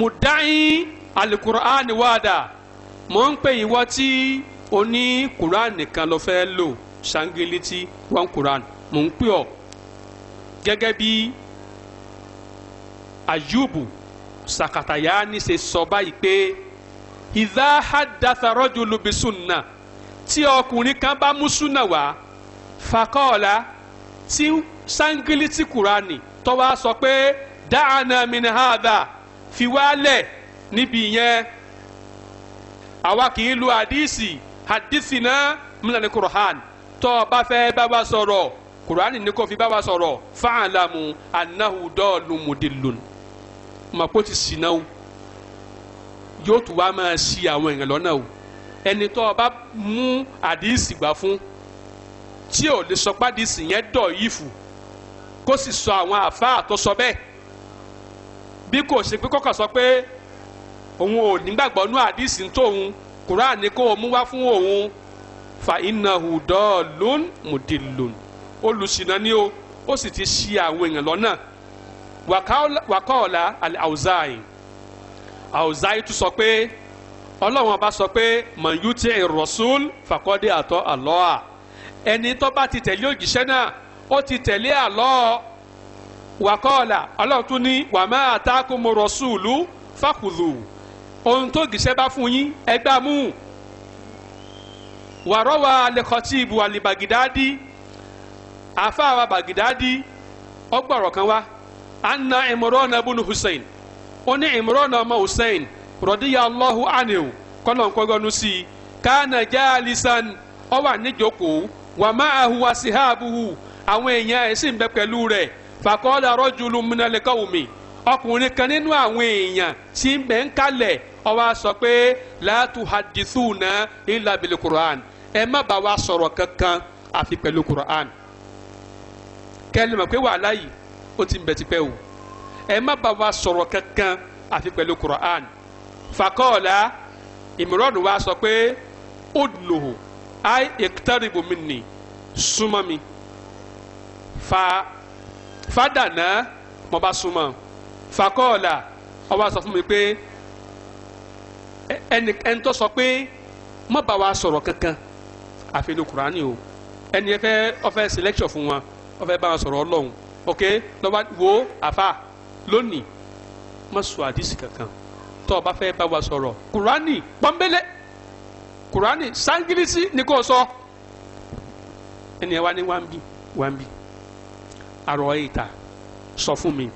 mùdáyín alukur'an wàdà mò ń pè ìwọ tí o ní quran nìkan ló fẹ́ lò sangiliti one quran mò ń pè ọ́ gẹ́gẹ́ bí ayubu sakatayani ṣe sọ báyìí pé ìdá hadatarọ́jú lubisunna tí ọkùnrin kan bá mú súnà wá fakọ́ọ̀la tí sangiliti kurani tó wá sọ pé dáhànà minahada fi wálẹ̀ níbi yẹn àwa kì í lu hadisi hadisi náà mílíọ̀nù kùrọ̀hán tó o bá fẹ́ bá wa sọ̀rọ̀ kùrọ̀hán ní kò fi bá wa sọ̀rọ̀ fáàlámù anahu dọ́ọ̀lù mùdìlùn màpò ti sì náà yóò tún wá máa ṣi àwọn èèyàn lọ́nà o ẹni tó o bá mú hadisi gbà fún tí ò lè sọ pé hadisi yẹn dọ̀ yìí fù kó sì sọ àwọn àfáà tó bẹ́ẹ̀ bí kò ṣe pé kọ́kàn sọ pé òun ò nígbàgbọ́ nú àdìsí tóun Quran ni kó o mú wá fún òun fa innahu dalun mudillun olùsìnà ni o ó sì ti ṣì àwọn èèyàn lọ́nà wàkọ́ọ̀lá al-Awza'i Awza'i tún sọ pé ọlọ́run ọba sọ pé mọ̀nyútì ìrọ̀sùl fàkọ́dé àtọ́ àlọ́à ẹni tó bá ti tẹ̀lé òjíṣẹ́ náà ó ti tẹ̀lé àlọ́ọ̀ wàkọ́ọ̀là ọlọ́ọ̀tún ní wàmà àtàkùnmọ̀ rọ̀ṣùlù fàkùlù ohun tó gìṣẹ́ bá fún yín ẹgbàá mú wàrọ́wà alẹ́kọ̀tì ìbù àlìbàgìdáàdì àfáàwà bàgìdáàdì ọgbọ̀rọ̀ kan wá anna imran hussein ó ní imran ọmọ hussein rọ̀díyà allahu kọ́nà kọ́gọ́nu fàkọ́lá rọ́júlù múnalẹ́kọ́ omi ọkùnrin kan nínú àwọn èèyàn tí ń bẹ̀ ń kalẹ̀ ó wá sọ pé látù hadithuna illa bil quran ẹ má bá wa sọ̀rọ̀ kankan àfi pẹ̀lú quran kẹ́lẹ́ mọ̀ pé wàhálà yìí ó ti ń bẹ o ẹ má bá wa sọ̀rọ̀ kankan àfi pẹ̀lú quran fàkọ́ọ̀lá ìmìíràn wa sọ pé udnuhu ay iqtaribu minni súnmọ́ mi fa Fadana mo bá súnmọ́ fakọ́ọ̀là ó wá sọ fún mi pé ẹni ẹni tó sọ pé má bá wa sọ̀rọ̀ kankan àfi ní Kùránì o ẹni ẹ fẹ́ ó fẹ́ ṣe lecture fún wa ó fẹ́ bá wa sọ̀rọ̀ Ọlọ́run ok lọ́wọ́ wo àfa lónìí má sọ àdìsí kankan tó o bá fẹ́ bá wa sọ̀rọ̀ Kùránì pọ́nbélé Kùránì sangilisi ni kò sọ ẹni ẹ wá ní wá ń bí wá ń bí àrò ìta sọ fún mi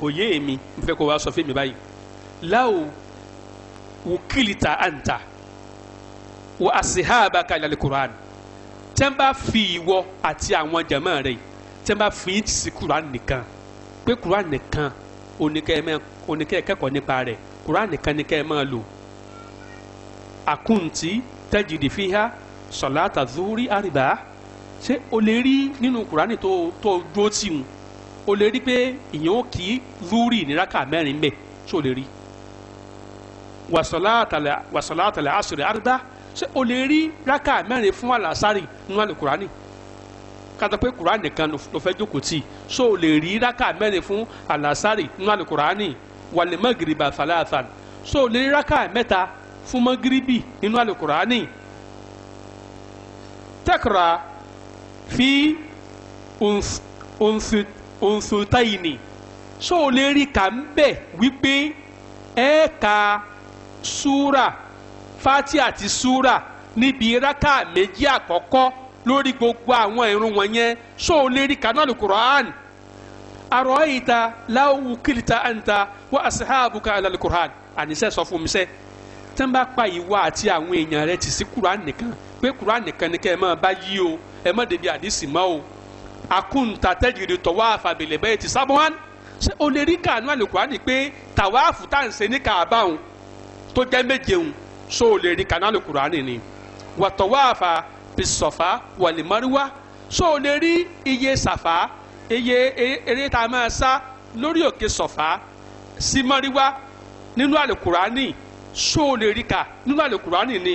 kò yé èmi n fẹ́ kó wá sọ fún mi báyìí láwo wukilita anta wa asihaba kalali quran tẹ́ ń bá fi ìwọ àti àwọn jama rẹ̀ tẹ́ ń bá fi yín sí quran nìkan pé quran nìkan oníkẹ́ kẹ́kọ̀ọ́ nípa rẹ̀ quran nìkan ni kẹ́ ẹ máa lò àkùntì tẹ́jìdì fíhá sọ̀láta zúrí àrìbá ṣé o lè rí nínú kùránì tó tó dúró tì ń o lè rí pé ìyẹn ó kí lúrì ní rákà mẹ́rin bẹ́ẹ̀ ṣé o lè rí wàsálà àtàlẹ̀ àṣírí àrídá ṣé o lè rí rákà mẹ́rin fún àlàsárì nínú àlè kùránì kátó pé kùránì nìkan ló fẹ́ jókòó tì ṣé o lè rí rákà mẹ́rin fún àlàsárì nínú àlè kùránì wàlẹ̀ mọ́gìrìbà fàlàfàn ṣé o lè rí rákà mẹ́ta fún mọ́gìrìbì nínú àlè kùránì tẹ́kọ̀rọ̀ fi unsutaini ṣó o lè rí kà ń bẹ̀ wípé ẹ ka e súra fatia àti níbi rákà méjì àkọ́kọ́ lórí gbogbo àwọn irun wọ̀nyẹn ṣó o lè rí kà náà ní Qur'an àròyìntà láwù kìlìtà àǹtà wà àṣìháàbùkà àlàlù Qur'an àníṣe sọ fún mi sẹ́ tí wọ́n bá pa ìwà àti àwọn èèyàn rẹ sí Qur'an nìkan pé Quran nìkan ni kẹ́ ẹ máa bá yí o ẹ má débi àdìsí mọ́ o akunta tẹ́jìrì tọ́wọ́ àfàbẹ̀lẹ̀ bẹ́ẹ̀ ti sábọ́n ṣé o lè rí kàánú àlùkùránì pé tàwáàfù tá à ń ṣe ní kàábàhùn tó jẹ́ méjeun ṣó o lè rí kàánú àlùkùránì ni wàtọ̀wọ́ àfà bisọ̀fà wàlìmọ́ríwá ṣó o lè rí iye sàfà iye eré tá a máa sá lórí òkè sọ̀fà sí mọ́ríwá nínú àlùkùránì ṣó o lè rí kà nínú àlùkùránì ni.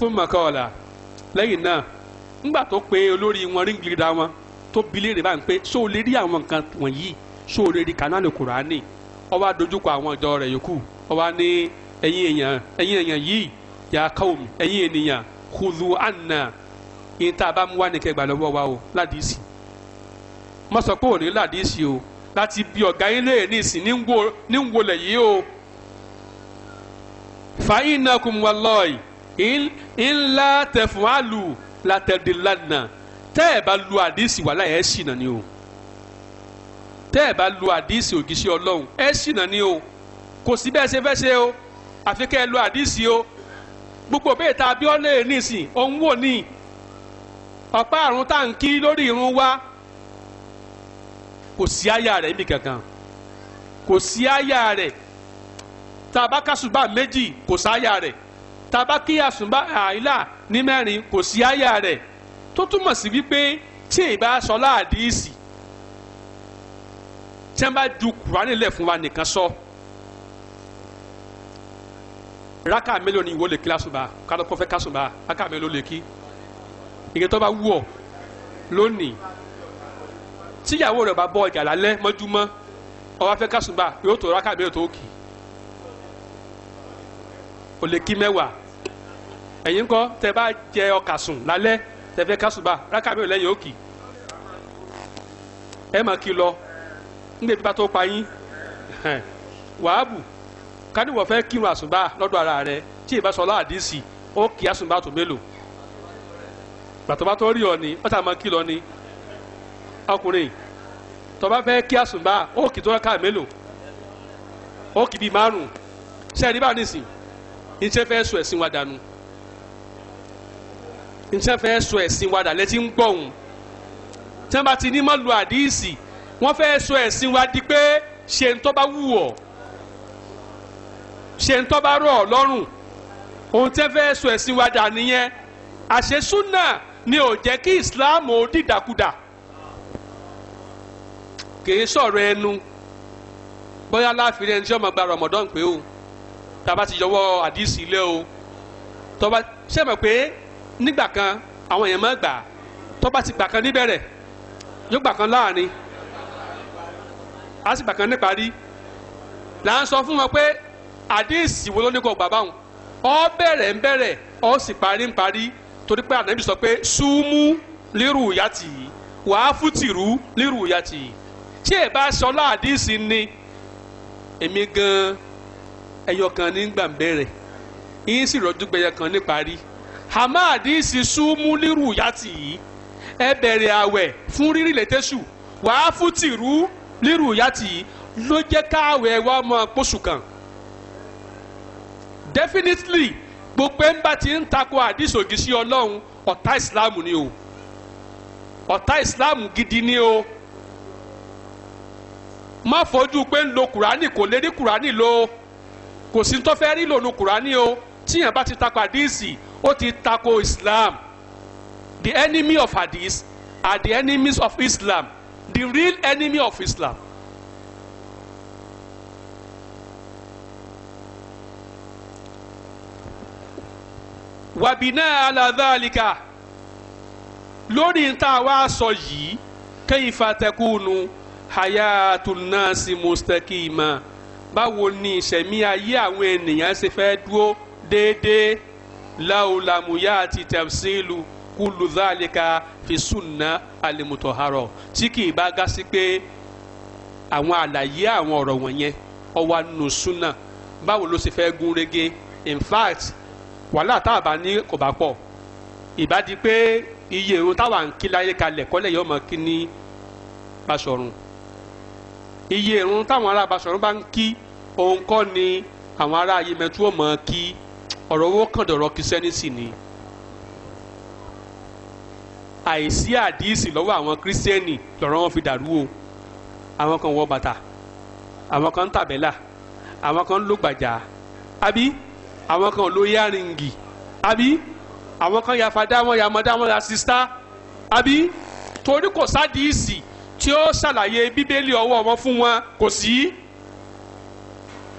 fún mọ̀kọ́ọ̀là lẹ́yìn náà ńgbà tó pe olórí wọn ring leader wọn tó bi léèrè pé o lè rí àwọn nǹkan wọ̀nyí lè rí kanáàlì kùránì ó dojúkọ àwọn ìjọ rẹ̀ yòókù ó ní ẹ̀yin èèyàn èèyàn yìí yà káwọ́mù ènìyàn kùdù àná yìí tá a bá mú wá nìkẹ́ gbà lọ́wọ́ wa o ládìísì mo òní ládìísì o láti bí ọ̀gá o fàáyín ńlá tẹ̀fúnálù látẹ̀dẹ̀lànà tẹ́ ẹ̀ bá lu àdìsí wàhálà ẹ̀ ṣìnà ni o tẹ́ ẹ̀ bá lu àdìsí ògìṣẹ́ ọlọ́run ẹ̀ ṣìnà ni o kò sí bẹ́ẹ̀ ṣe fẹ́ ṣe o àfi kẹ́ ẹ lu àdìsí o gbogbo bẹ́ẹ̀ ta bí ọ́lẹ́ e nísìn òun wò ní ọ̀pá àrùn tá lórí irun wa kò sí àyà rẹ̀ níbi kankan kò sí àyà rẹ̀ tá kásùbà méjì kò sáyà rẹ̀ tabaki àsùnbà àìlà ní mẹ́rin kò sí àyà rẹ̀ tó túmọ̀ sí wípé tí ìbá sọ láàdíìsì tí wọ́n bá ju kùránì lẹ̀ fún wa nìkan sọ raka mélòó ni ìwọ lè kí lásùnbà kálọ́kọ́ fẹ́ kásùnbà raka mélòó lè kí ìgbẹ́ tó bá wù ọ́ lónìí tíyàwó rẹ̀ bá bọ́ ọjà lálẹ́ mọ́júmọ́ ó fẹ́ kásùnbà yóò tó raka mélòó tó kì í kí mẹ́wàá ẹ̀yin kọ́ tẹ bá jẹ ọkà sùn lálẹ́ tẹ fẹ́ kásùbà rákà mi ò lẹ́yìn ẹ mà kí lọ nígbà tí bá tó pa yín wàhábù káníwọ̀ fẹ́ kírun àsùnbà lọ́dọ̀ ara rẹ tí ì bá sọ láàdísì ó kì í àsùnbà tó mélòó gbàtọ́ rí ọ ni wọ́n sàmọ́ kí lọ ni ọkùnrin t'oba fe fẹ́ kí àsùnbà ó kì í tó rákà mélòó ó kì í bíi márùn-ún sẹ́ẹ̀rí bá nìsín ní ṣe fẹ́ sọ ẹ̀sìn wa dànù. nṣẹ́ fẹ́ sọ ẹ̀sìn wa dà lẹ́tí ń gbọ̀ òun tí wọ́n bá ti ní mọ́lu àdíìsì wọ́n fẹ́ sọ ẹ̀sìn wa di pé ṣe ń tọ́ bá wù ọ́ ṣe ń tọ́ bá rọ̀ ọ́ lọ́rùn ohun tí fẹ́ sọ ẹ̀sìn wa dà nìyẹn àṣesúnà ni ò jẹ́ kí Islam ó dìdàkudà kìí sọ̀rọ̀ ẹnu bóyá láàfin ẹni tí ọmọ gba Ramadan pé o tàbá ti yọwọ́ àdíìsì ilé o tọ́ba ṣé mọ̀ pé nígbà kan àwọn èèyàn máa gbà tó bá ti gbà kan níbẹ̀rẹ̀ yóò gbà kan láàrin á sì gbà kan níparí là ń sọ fún wọn pé àdéhìsì wo ló ní kó gbà báwọn ọ bẹ̀rẹ̀ ń bẹ̀rẹ̀ ọ sì parí ń parí torí pé ànábì sọ pé súnmú lérù ìyá tì í wàá fútìrú lérù ìyá tì í tí ẹ bá sọ láàdísì ni èmi gan ẹyọ kan ní gbàǹbẹ̀rẹ̀ yín sì rọ́jú gbẹyẹ kan níparí hamadi sì súnmú lírù yàtì yìí ẹ bẹ̀rẹ̀ àwẹ̀ fún rírì lẹ́tẹ̀sù wàá fún tìrú lírù yàtì yìí ló jẹ́ káwẹ̀ wá mọ́ pósù kan definitely gbogbo ẹnba tí ń takò àdìs ògìsí ọlọ́run ọ̀tá islam ni o ọ̀tá islam gidi ni o má fojú pé ń lo kùránì kò lè rí kùránì lo kò sí tó fẹ́ rí lòun kùránì o tíyàn bá ti tako hadisi ó ti tako Islam the enemy of hadith are the enemies of Islam the real enemy of Islam. wàbínà aláàdáàlìkà lórí níta wá sọ yìí kayfa takunu hayatun mustakima mustaqima báwo ni ìṣẹ̀mí ayé àwọn ènìyàn ṣe fẹ́ dúró déédéé láwùlámùyá àti tẹ̀síìlù kúlù dhalika fi sunna alimutọ̀harọ̀ tí kì í bá gá sí pé àwọn àlàyé àwọn ọ̀rọ̀ wọ̀nyẹn ó wà nínú sunna báwo ló sì fẹ́ gún régé in fact wàhálà táàbà ní kò bá pọ̀ ìbádí pé iye irun táwa ń kí láyé kalẹ̀ kọ́lẹ̀ yóò mọ̀ kí ní Basọ̀run iye irun táwọn ará Basọ̀run bá ń kí òun kọ́ ni àwọn ará Yemẹtu ò mọ̀ kí ọ̀rọ̀ owó kàn dọ̀rọ̀ kìsẹ́nìsì ni àìsí àdíìsì lọ́wọ́ àwọn kírísítẹ́nì lọ́rọ̀ wọn fi dàrú o àwọn kan wọ bàtà àwọn kan ń tàbẹ́là àwọn kan ń lo gbàjà àbí àwọn kan lo yáringi àbí àwọn kan yafadá wọn yamadá wọn yasista àbí torí kò sádìísì tí ó ṣàlàyé bíbélì ọwọ́ wọn fún wọn kò sí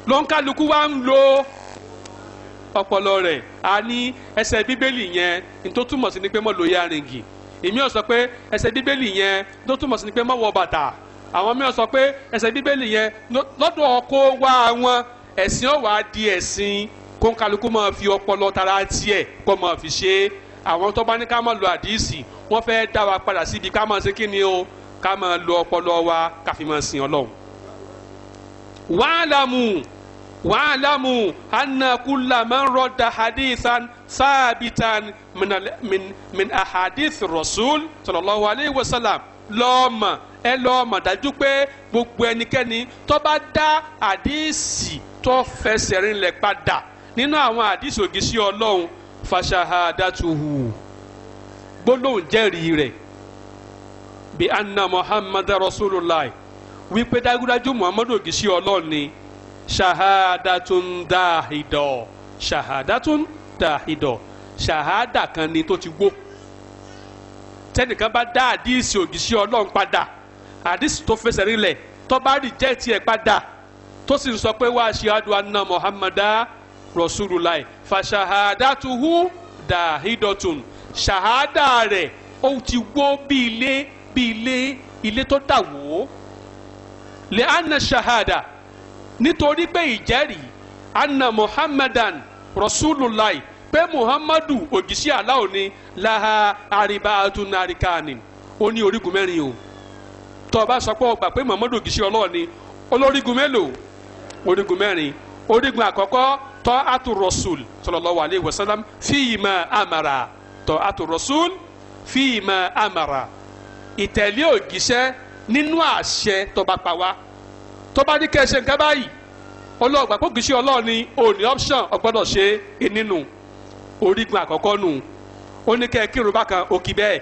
lọ́nkálukú wa ń lo ọpọlọ rẹ̀ a ní ẹsẹ̀ bíbélì yẹn nítorí túmọ̀ sí ni pé mọ̀ lóye arìngì èmi ò sọ pé ẹsẹ̀ bíbélì yẹn tó túmọ̀ sí ni pé mọ̀ wọ bàtà àwọn mìíràn sọ pé ẹsẹ̀ bíbélì yẹn lọ́dọ̀ ọkọ wá wọn ẹ̀sìn ò di ẹ̀sìn kó ń kálukú máa fi ọpọlọ tara tiẹ̀ kó máa fi ṣe é àwọn tó bá ní ká máa lo àdìsí wọ́n fẹ́ dá wa padà síbi ká máa ṣe kí ni o ká máa lo ọpọlọ wa ká máa sin ọlọ́run. wàhálà mu wa'lamu anna kulla man radda hadithan sábìtàn min ahadith rasul sallallahu alayhi wa sallam lọ́ọ̀mọ̀ ẹ lọ́ọ̀mọ̀ dájú pé gbogbo ẹnikẹ́ni tó bá dá àdíìsì tó fẹsẹ̀ rinlẹ̀ padà nínú àwọn àdíìsì ògìsí ọlọ́run fàṣàhàdàtúhù gbólóhùn jẹ́rìí rẹ̀ bí anna muhammadu rasulullah wípé dájúdájú muhammadu ògìsí ọlọ́run ni shahadatun dahidọ shahadatun dahidọ shahada kan ni tó ti wó tẹnìkan bá dá àdíìsì ògìṣẹ́ ọlọ́run padà àdíìsì tó fẹsẹ̀ rinlẹ̀ tó bá rìjẹ́ẹ̀tì ẹ̀ padà tó sì ń sọ pé wá ashhadu anna muhammadu rasulullah fa shahadatuhu dahidotun shahada rẹ̀ ó ti wó bí ilé bí ilé ilé tó dà wó lè shahada nítorí pé ìjẹ́rìí anna muhammadan rasulullah pé muhammadu òjíṣẹ́ aláwo ni laha aribaatu narikani ó ní orígun mẹ́rin o tó o bá sọ pé o gbà pé muhammadu òjíṣẹ́ ọlọ́ọ̀ ni olórígun mélòó orígun mẹ́rin orígun àkọ́kọ́ tọ́ àtò rasul sallallahu alayhi wa sallam fíìmà amara tọ́ àtò rasul fíìmà amara ìtẹ̀lé òjíṣẹ́ nínú àṣẹ tó pa wá tó bá ní kẹ́ ẹ ṣe nǹkan báyìí ọlọ́ọ̀gbà kó kìí ṣe ọlọ́ọ̀ òní option ọgbọ́dọ̀ ṣe é nínú orígun àkọ́kọ́ nù ó ní kẹ́ ẹ kírun bákan ó kí bẹ́ẹ̀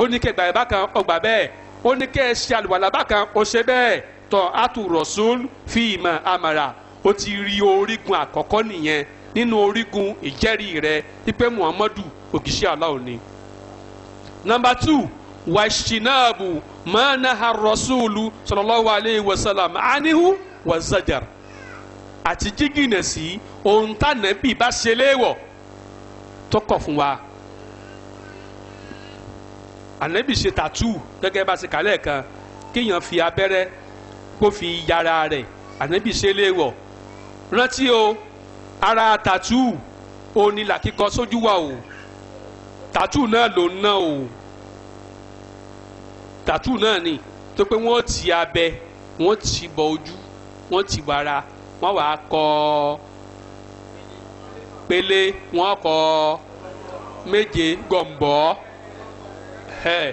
ó ní kẹ́ ẹ gbàgbé bákan ó gbà bẹ́ẹ̀ ó ní kẹ́ ẹ ṣe àlùwàlà bákan ó ṣe bẹ́ẹ̀ tọ́ àtúrọ̀sùn fi ìmọ̀ àmàrà ó ti rí orígun àkọ́kọ́ nìyẹn nínú orígun ìjẹ́rìí rẹ̀ wípé Muhammadu òkìṣẹ́ aláwọ̀ ni. number two wàṣìnàbù mọ́nàhà rọ́ṣùlù sallallahu alayhi wa sallam anihu wà zajar àti jígìnà sí ohun tànàbí bá ṣe léèwọ̀ tó kọ̀ fún wa ànábì ṣe tàtú gẹ́gẹ́ bá ṣe kálẹ̀ kan kéèyàn fi abẹ́rẹ́ kó fi yára rẹ̀ ànábì ṣe léèwọ̀ rántí o ara tàtú òní là sójú wa o tàtú náà ló ná o tàtú náà ni tó pé wọ́n ti abẹ wọ́n ti bọ ojú wọ́n ti bara wọ́n wàá kọ pélé wọ́n kọ méje gọ̀m̀bọ́ ẹ̀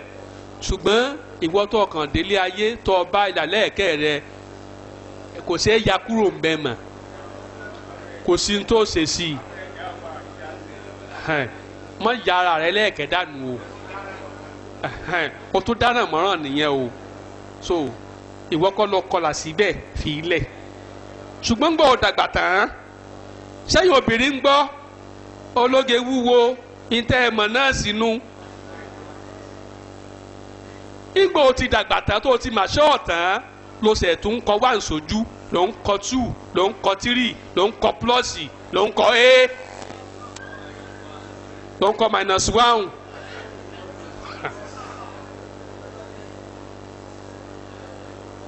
ṣùgbọ́n ìwọ tó kàn délé ayé tó bá ìdálẹ́ ẹ̀kẹ́ rẹ kò sí ẹ̀yà kúrò ń bẹ̀ mọ́ kò sí ní tó ṣe sí i mọ́ yàrá rẹ lẹ́ẹ̀kẹ́ dànù o o tún dáná mọ́ràn nìyẹn o so ìwọ kọ́ lọ kọlà síbẹ̀ fi ilẹ̀ ṣùgbọ́n gbọ́ dàgbà tán sẹ́yìn obìnrin ń gbọ́ ológe wúwo ìtẹ́ ẹ̀mọ̀ náà sínú ìgbò ti dàgbà tán tó ti mà ṣọ́ ọ̀tán ló ṣe tún kọ wá nsójú ló ń kọ two ló ń kọ three ló ń kọ plọ́ọ̀sì ló ń kọ a ló ń kọ minus one.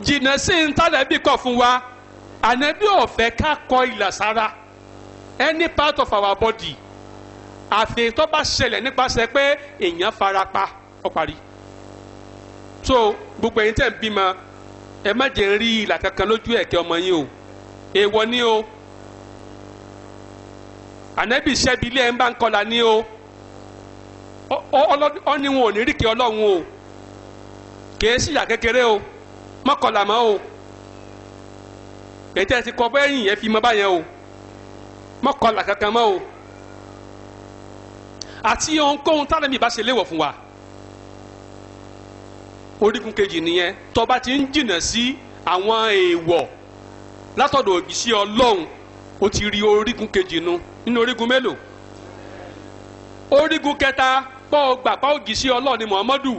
jìnnà sí ntànàbí kọ̀ fún wa ànábì ò fẹ́ ká kọ ìlà sára any part of our body àfi tó bá ṣẹlẹ̀ nípasẹ̀ pé èèyàn fara pa ó parí so gbogbo ẹ̀yin tẹ̀ ń bímọ ẹ má jẹ́ rí ìlà kankan lójú ẹ̀kẹ́ ọmọ yín o èèwọ̀ ni o ànábì ṣẹ́bi ilé ẹ̀ ń bá ń kọlà ni o ọ ní wọn ò ní rí kí ọlọ́run o kì í sí ìyà kékeré o. mọ́kànlá mọ́ o ètò ẹ̀sìn kọ́ bẹ́ẹ̀ yìnyẹn fi mọ́ báyẹn o mọ́kànlá kankan mọ́ o àti ohunkóhun tá lẹ́mìí bá ṣe léwọ̀ fún wa orígun kejì nìyẹn tó bá ti ń jìnnà sí àwọn èèwọ̀ látọ̀dọ̀ òbí sí ọlọ́run ó ti rí orígun kejì nu nínú orígun mélòó orígun kẹta pọ̀ gbàgbọ́ ògì sí ọlọ́run ni muhammadu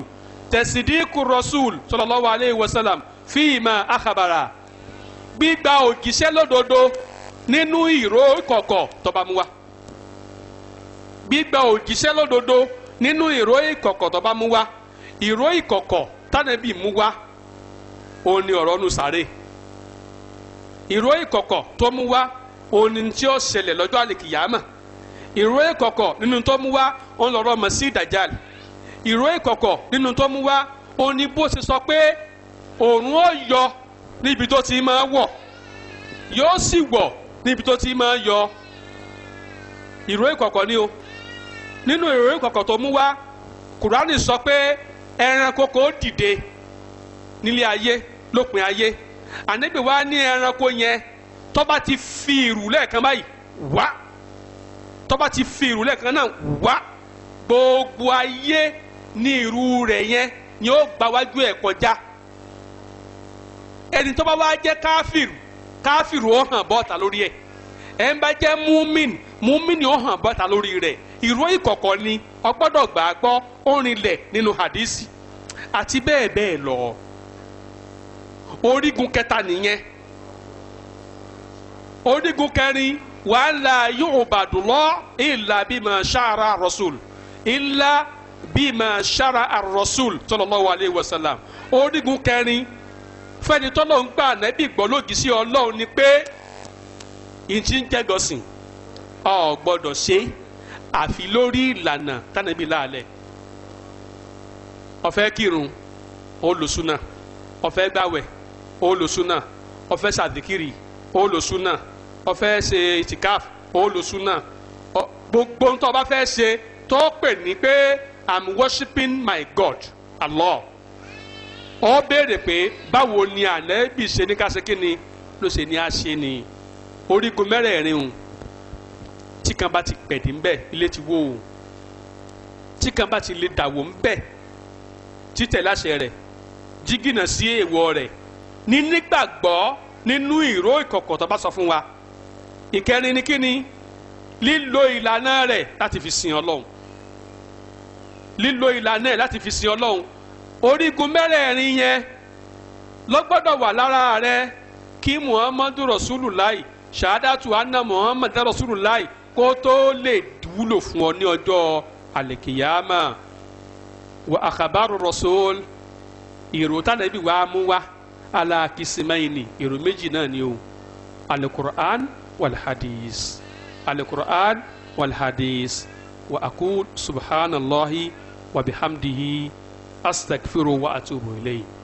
tẹ̀sídìkù rasul sallallahu alayhi wa sallam fíìmà àkàbàrà gbígba òjíṣẹ́ lódodo nínú ìró ìkọ̀kọ̀ tọba mu wa gbígba òjíṣẹ́ lódodo nínú ìró ìkọ̀kọ̀ tọba mu wa ìró ìkọ̀kọ̀ tánàbí mu wa òun ni ọ̀rọ̀ nu sáré ìró ìkọ̀kọ̀ tó mu wa òun ni tí ó ṣẹlẹ̀ lọ́jọ́ àlèkìyàmà ìró òòrùn ó yọ níbi tó ti máa wọ, yóò sì wọ níbi tó ti máa yọ ìró ìkọ̀kọ̀ ni o nínú ìró ìkọ̀kọ̀ tó mú wá kùránì sọ pé ẹranko kò dìde nílé ayé lópin ayé ànábì wa ní ẹranko yẹn tó ti fi ìrù lẹ́ẹ̀kan báyìí wá tó bá ti fi ìrù lẹ́ẹ̀kan náà wá gbogbo ayé ní ìrù rẹ̀ yẹn ni ó gbáwájú ẹ̀ kọjá ẹni tó bá wá jẹ́ káfíìrù káfíìrù ó hàn bọ́ta lórí ẹ̀ ẹ̀ ń bá jẹ́ múmin múmin ó hàn bọ́ta lórí rẹ̀ ìró ìkọ̀kọ̀ ni ọgbọ́dọ̀ gbà á gbọ́ ó rinlẹ̀ nínú hadisi àti bẹ́ẹ̀ bẹ́ẹ̀ lọ orígun kẹta nìyẹn orígun kẹrin wàhálà yóò bàdùlọ́ ìlà bímọ sára rasul ìlà bímọ sára rasul sallallahu alaihi wasallam orígun kẹrin fẹ́ni tọ́lọ̀ ń gbà nẹ́bí gbọ́lógì sí ọlọ́run ni pé ìtì ń jẹ́gọ̀sìn ọ̀ gbọ́dọ̀ ṣe àfi lórí ìlànà tánàbí láàlẹ́ ọ̀fẹ́ kírun olùsúnà ọ̀fẹ́ gbàwẹ̀ olùsúnà ọ̀fẹ́ sàdìkìrì olùsúnà ọ̀fẹ́ ṣe ìtìkáf olùsúnà gbogbo ń tó bá fẹ́ ṣe tó pè ní pé i'm worshiping my God Allah. ọ béèrè pé báwo ni ànábì ṣe ní ká ni ló ṣe ní àṣẹ ni orígun mẹ́rẹ̀ẹ̀rin o tí kan bá ti pẹ̀dí ń bẹ̀ ilé ti wó o tí kan bá ti lè dàwó ń bẹ̀ títẹ̀ láṣẹ rẹ̀ jígìnà sí èèwọ̀ rẹ̀ ní nígbàgbọ́ nínú ìró ìkọ̀kọ̀ tó bá sọ fún wa ìkẹrin ni kí ni lílo ìlànà rẹ̀ láti fi sin ọlọ́run lílo ìlànà rẹ̀ láti fi sin ọlọ́run orígun mẹ́rẹ̀ẹ̀rin yẹn ló gbọ́dọ̀ wà lára rẹ kí muhammadu rasulullah ṣahadatu anna muhammadu rasulullah kó tó lè wúlò fún ọ ní ọjọ́ àlèkìyàmà wa àkàbàrò rasul ìrò tánàbí wàá mú wá alákìsímáyìnì ìrò méjì náà ni o alukur'an walhadis alukur'an walhadis wa akul subhanallahi wa bihamdihi. أستغفر وأتوب إليه